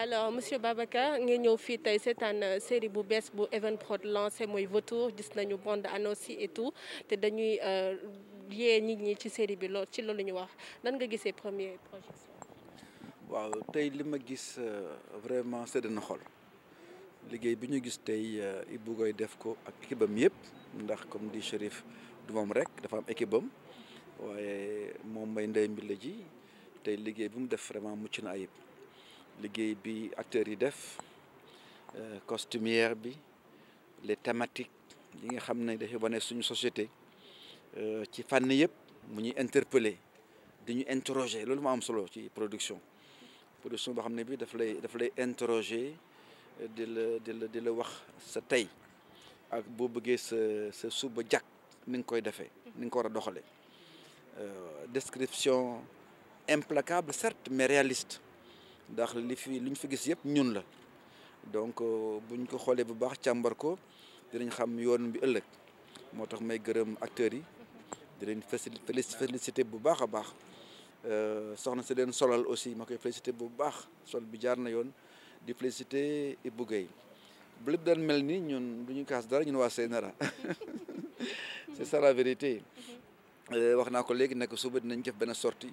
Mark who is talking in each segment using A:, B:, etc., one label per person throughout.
A: alors monsieur Babacar nga ñëw fii tey seetaan euh, série bu bees bu Evenprod lancé mooy Vautour gis nañu bande annonce yi et te dañuy yee euh, nit ñi ci série bi lool ci loolu ñu wax lan nga gisee première projection.
B: waaw tey li ma gis euh, vraiment sedd na xol liggéey bi ñu gis tey Ibou Ngoye def ko ak équipe am yëpp ndax comme di Chérif du moom rek dafa am équipe am waaye moom may ndey mbi la ji tey liggéey bi mu def vraiment mucc na ayib. liggéey bi acteurs yi def euh, costumière bi les thématiques yi nga xam ne dafay wane suñu société euh, ci fànn yëpp mu ñuy interpeller di ñu loolu moo am solo ci production production boo xam ne bi daf lay daf lay interroger euh, di la di la di la wax sa tey ak boo bëggee sa sa suba jàkk ni nga koy defee ni nga ko war a doxalee description implacable certes mais réaliste ndax li fi li ñu fi gis yëpp ñun la donc euh, bu buñ ko xoolee bu baax càmbar ko dinañ xam yoon bi ëllëg moo tax may gërëm acteurs yi di leen félicité bu baax a baax euh, soxna si leen solal aussi ma koy félicité bu baax sol bi jaar na yoon di félicité Ibou Guèye bu lépp daan mel ni ñun du ñu kaas dara ñun waa CNRA c'est ça la vérité mm-hmm. euh, wax naa ko léegi nekk suba dinañ def benn sorti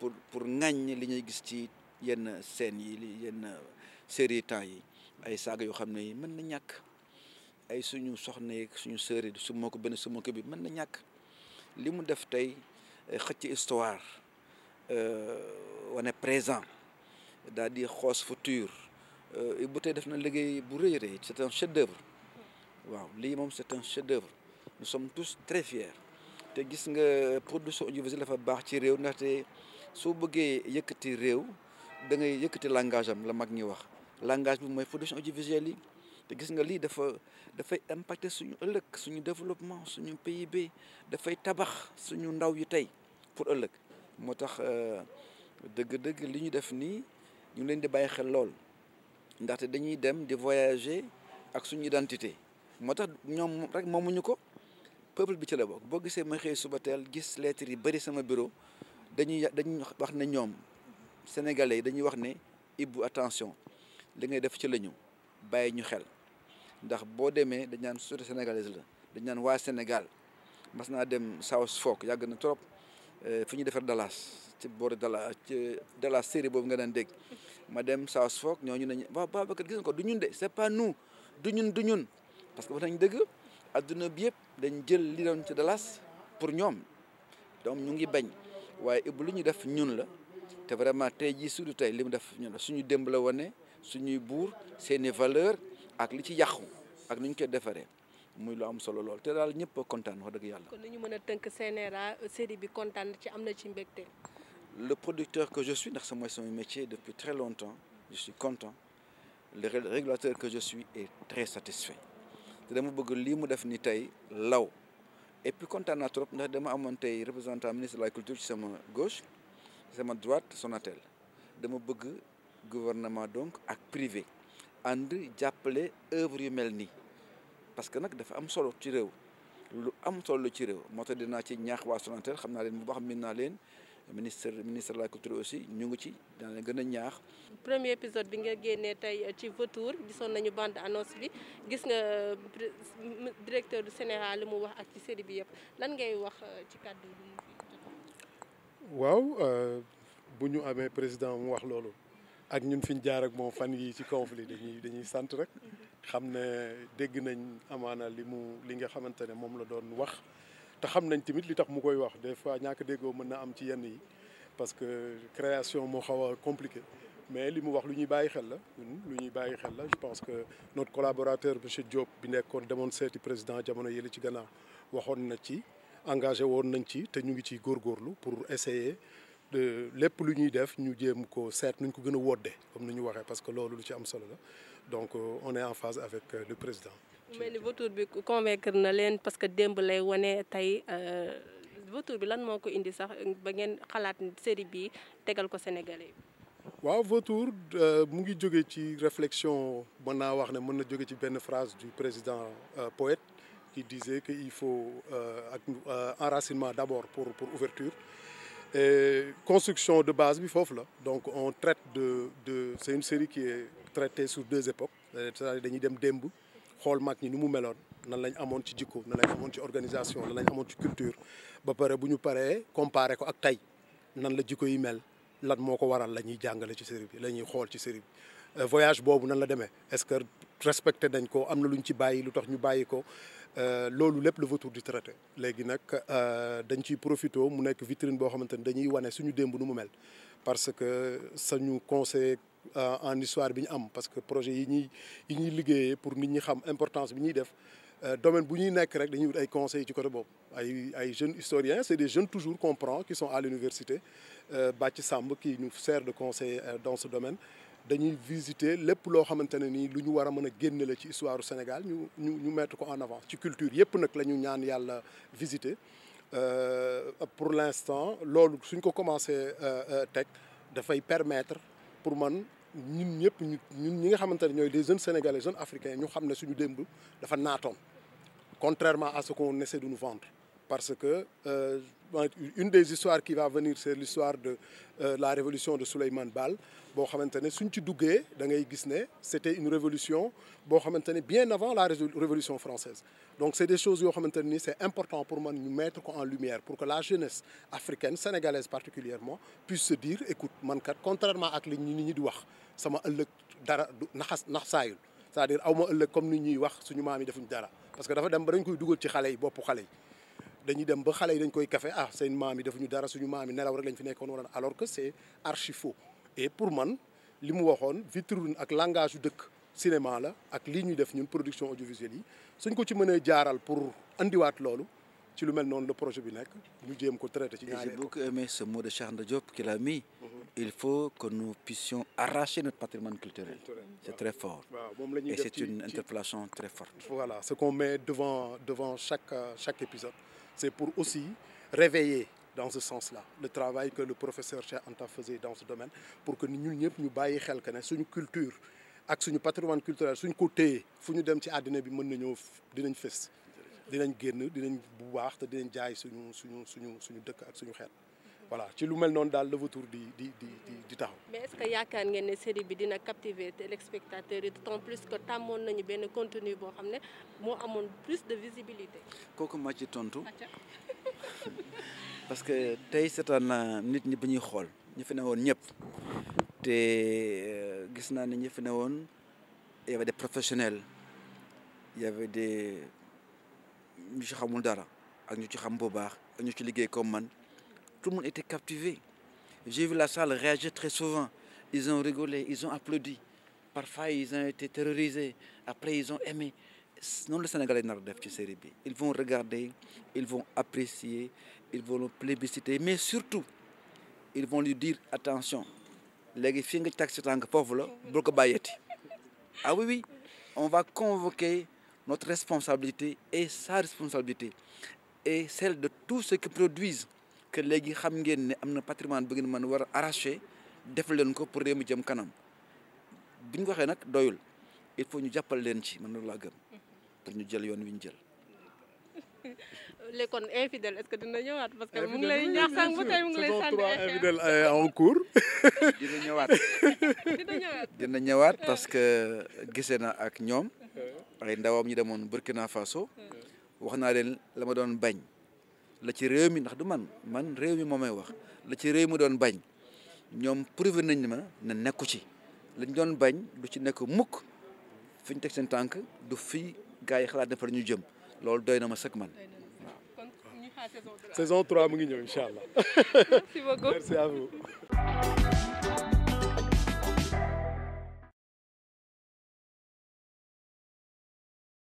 B: pour pour ŋàññ li ñuy gis ci yenn scènes yi li yenn série temps yi ay saaga yoo xam ne yi mën na ñàkk ay suñu soxna yeeg suñu sœur yi su ma ko benn su ma bi mën na ñàkk li mu def tey eh, xëcc histoire euh, wane présent daal di xoos futur euh, bu tey def na liggéey bu rëy rëy c'est un chef d'œuvre waaw lii moom c'est un chef d'œuvre nous sommes tous très fiers te gis nga production audiovisuelle dafa baax ci réew ndaxte soo bëggee yëkkati réew da ngay yëkkati langage am la mag ñi wax langage bi mooy production audiovisuelle yi te gis nga lii dafa dafay impacter suñu ëllëg suñu développement suñu PIB dafay tabax suñu ndaw yi tey pour ëllëg moo tax euh, dëgg-dëgg li ñu def nii ñu leen di bàyyi xel lool ndaxte dañuy dem di voyager ak suñu identité moo tax ñoom rek moomuñu ko peuple bi ci la bokk boo gisee ma xëy suba teel gis lettres yi bëri sama bureau dañuy dañuy wax ne ñoom sénégalais yi dañuy wax ne Ibou attention li ngay def ci la ñu bàyyi ñu xel ndax boo demee dañ naan société sénégalaise la dañ naan waa Sénégal mas naa dem South Fork yàgg na trop euh, fu ñu defer Dallas ci boori Dallas ci Dallas série boobu nga daan dégg ma dem South Fork ñooñu ne waaw Babacar gis nga ko du ñun de c'est pas nous du ñun du ñun parce que wax nañ dëgg adduna bi yëpp. dañ jël li doon ci Dallas pour ñoom donc ñu ngi bañ waaye Ibou lu ñu def ñun la te vraiment tey jii su du tey li mu def ñun la suñu démb la wane suñuy buur seeni valeur ak li ci yàqu ak nu ñu koy defaree muy lu am solo lool te daal ñëpp kontaan wax dëgg yàlla.
A: kon ñu mën a tënk CNRA série bi kontaan ci am na ci mbégte.
B: le producteur que je suis ndax sa mooy sama métier depuis très longtemps je suis content le régulateur que je suis est très satisfait. te dama bëgg lii mu def ni tey law et puis kontaan naa trop ndax dama amoon tey représentant ministre de la culture ci sama gauche sama droite Sonatel dama bëgg gouvernement donc ak privé ànd jàppale œuvre yu mel nii parce que nag dafa am solo ci réew lu am solo ci réew moo tax dinaa ci ñaax waa Sonatel xam naa leen bu xam miin naa leen ministre ministre la culture aussi ñu ngi ci daan la gën a ñaax.
A: premier épisode bi nga génnee tey ci vautour gisoon nañu bande annonce bi gis nga euh, directeur du Sénégal li mu wax ak ci série bi yëpp lan ngay wax euh, ci kàddu bi mu
C: waaw euh, bu ñu amee président mu wax loolu ak ñun fi ñu jaar ak moom fan yi ci conflit dañuy dañuy sant rek xam ne dégg nañ amaana li mu li nga xamante ne moom la doon wax. te xam nañ tamit li tax mu koy wax des fois ñàkk déggoo mën na am ci yenn yi parce que création moo xaw a compliqué mais li mu wax lu ñuy bàyyi xel la lu ñuy bàyyi xel la je pense que notre collaborateur monsieur Diop bi nekkoon demoon seeti président jamono yële ci gannaaw waxoon na ci engagé woon nañ ci te ñu ngi ciy góorlu pour essayer lépp lu ñuy def ñu jéem ko seet nuñ ko gën a woddee comme nu ñu waxee parce que loolu lu ci am solo la donc euh, on en phase avec euh, le président
A: mel ni vautour bi convaincre na leen parce que démb wane tey euh, vautour bi lan moo ko indi sax ba ngeen xalaat série bi tegal ko Sénégalais yi.
C: waaw vautour euh, mu ngi jóge ci réflexion ma naa wax ne mën na jóge ci benn phrase du président euh, poète qui disait que il faut euh, ak euh, enracinement d'abord pour pour ouverture et construction de base bi foofu la donc on traite de de c'est une série qui est traitée sur deux époques dañuy dem démb xool mag ñi ni mu meloon nan lañ amoon ci jikko nan lañ amoon ci organisation nan lañ amoon ci culture ba pare bu ñu paree comparé ko ak tey nan la jikko yi mel lan moo ko waral la ñuy jàngale ci série bi la ñuy xool ci série euh, voyage boobu nan la demee est-ce que respecté nañ ko am na lu ñu ci bàyyi lu tax ñu bàyyi ko euh, loolu lépp le vautour du traité léegi nag euh, dañ ciy profité mu nekk vitrine boo xamante ni dañuy wane suñu démb nu mu mel parce que sañu conseil Euh, en histoire bi ñu am parce que projet yi ñuy yi ñuy liggéeyee pour nit ñi xam importance bi ñuy def euh, domaine bu ñuy nekk rek dañuy wut ay conseils ci côté boobu ay ay jeunes historiens c'est des jeunes toujours qu'on prend qui sont à l'université euh, Bathie Samb qui nous sert de conseiller dans ce domaine dañuy visiter lépp loo xamante ne nii lu ñu war a mën a génne la ci histoire Sénégal ñu ñu ñu mettre ko en avant ci culture yëpp nag la ñu ñaan yàlla visiter pour l'instant loolu suñ ko commencé teg dafay permettre pour ñun ñëpp ñu ñun ñi nga xamante ne ñooy des jeunes sénégalais jeunes africains ñu xam na suñu démb dafa naatoon contrairement à ce qu'on essaie de nous parce que euh, une des histoires qui va venir c'est l'histoire de euh, la révolution de Souleymane Baal boo xamante ne suñ ci duggee da ngay gis ne c'était une révolution boo xamante ne bien avant la révolution française donc c'est des choses yoo xamante ne ni c'est important pour man ñu mettre ko en lumière pour que la jeunesse africaine sénégalaise particulièrement puisse se dire écoute man kat contrairement ak li ñu di wax sama ëllëg dara du naxas naxsaayul c'est-à-dire ma ëllëg comme ñuy wax suñu maam yi defuñ dara parce que dafa dem ba dañ koy dugal ci xale yi boppu xale yi dañuy dem ba xale yi dañ koy kafe ah seen maam yi dafa ñu dara suñu maam yi nelaw rek lañ fi nekkoon wala alors que c'est archi faux et pour man li mu waxoon vitrine ak langage dëkk cinéma la ak lii ñuy def ñun production audiovisuelle yi suñ ko ci mënee jaaral pour indiwaat loolu ci lu mel noonu le projet bi nekk ñu jéem ko traité ci ñaari j'ai
B: beaucoup aimé ce mot de Cheikh Anta Diop qu'il a mis mhm. il faut que nous puissions arracher notre patrimoine et c'est une
C: voilà ce qu'on met devant devant chaque euh, chaque épisode C'est pour aussi réveiller dans ce sens-là le travail que le professeur Cheikh Anta faisait dans ce domaine pour que ñun ñëpp ñu bàyyi xel que ne suñu culture ak suñu patrimoine culturel suñ ko téye fu ñu dem ci àddina bi mën nañoo dinañ fës dinañ génn dinañ bu baax te dinañ jaay suñu suñu suñu suñu dëkk ak suñu xel voilà ci lu mel noonu daal Leva Tour di di di di taxaw.
A: mais est-ce que yaakaar ngeen ne série bi dina captiver téléspectateurs yi d'autant plus que tàmmoon nañu benn contenu boo xam ne moo amoon plus de visibilité.
B: kooku ma ci tontu parce que tey seetaan nit ñi bi ñuy xool ñu fi ne woon ñëpp te euh, gis naa ne ñi fi woon y avait des professionnels ñu ci xamul dara ak ñu ci xam bu baax ak ñu ci liggéey comme man. tout le monde était captivé. J'ai vu la salle réagir très souvent. Ils ont rigolé, ils ont applaudi. Parfois, ils ont été terrorisés. Après, ils ont aimé. noonu la Sénégalais nar def ci série bi ils vont regarder ils vont apprécier ils vont le plébisciter mais surtout ils vont lui dire attention léegi fii nga tag si tànk foofu la bul ko ah oui oui on va convoquer notre responsabilité et sa responsabilité et celle de tout ceux qui produisent que léegi xam ngeen ne am na patrimoine bu ngeen mën war a arracher def leen ko pour réew mu jëm kanam bu waxee nag doyul il faut ñu jàppal leen ci man loolu laa gëm pour ñu jël yoon wi ñu jël.
A: léegi kon infidèle est-ce que dina ñëwaat parce euh,
B: ñëwaat parce que gisee na ak ñoom ay ndawam ñu demoon Burkina Faso wax naa leen lama doon bañ. la ci réew mi ndax du man man réew mi moo may wax la ci réew mi doon bañ ñoom prouvé nañ ma na nekku ci lañ doon bañ du ci nekk mukk fi ñu teg seen tànk du fi gars yi xalaat ne fa ñu jëm loolu doy na ma sëkk man. saison 3 mu ngi ñëw incha allah.